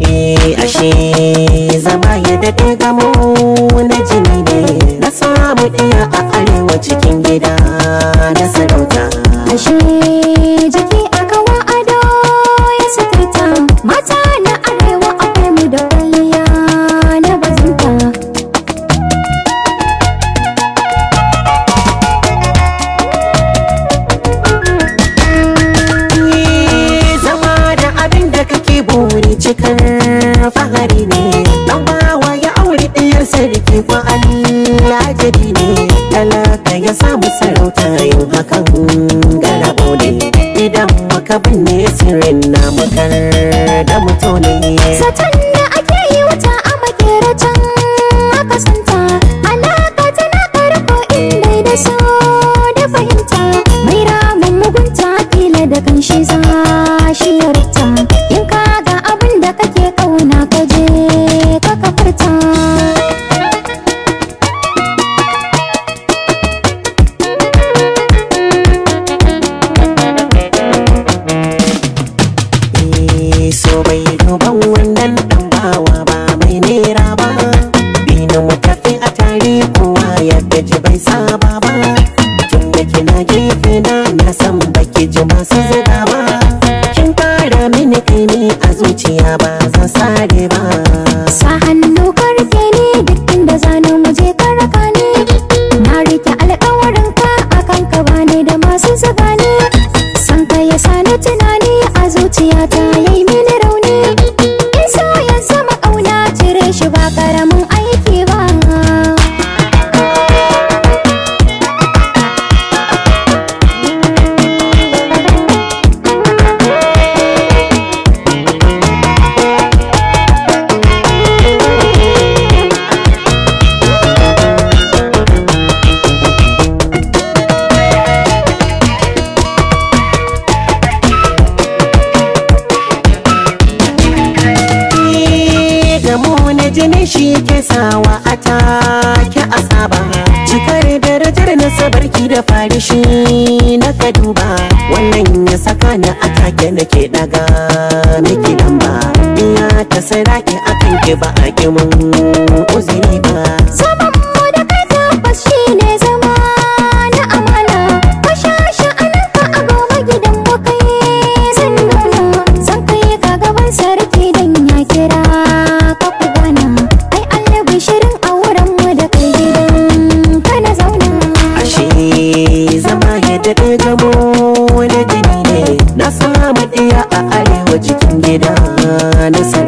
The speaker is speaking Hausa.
Eh, ashe zama ya ta gamo cikar fahari ne dan bawa ya aure ɗiyar sarki ko Allah ne talaka ya samu sarauta yin hakan garabo ne idan maka binne sirrin na makar da mutune satan so bai duban wannan dan ba mai nera ba dinin mu tafi a tare kowa ya gaji bai saba ba tun da kina gefe na na san baki ji masu zuba ba kin fara mini kai ne a zuciya ba zan sare ba sa hannu तेरे damu na jini shi ke sawa a take asaba cikar darajar nasabarki ki da farishi na ka duba wannan ya saka ni a take nake daga miki ba. iya ta sarake akan ki ba a ki mun uzuri ba na samu a arewa cikin gida na sana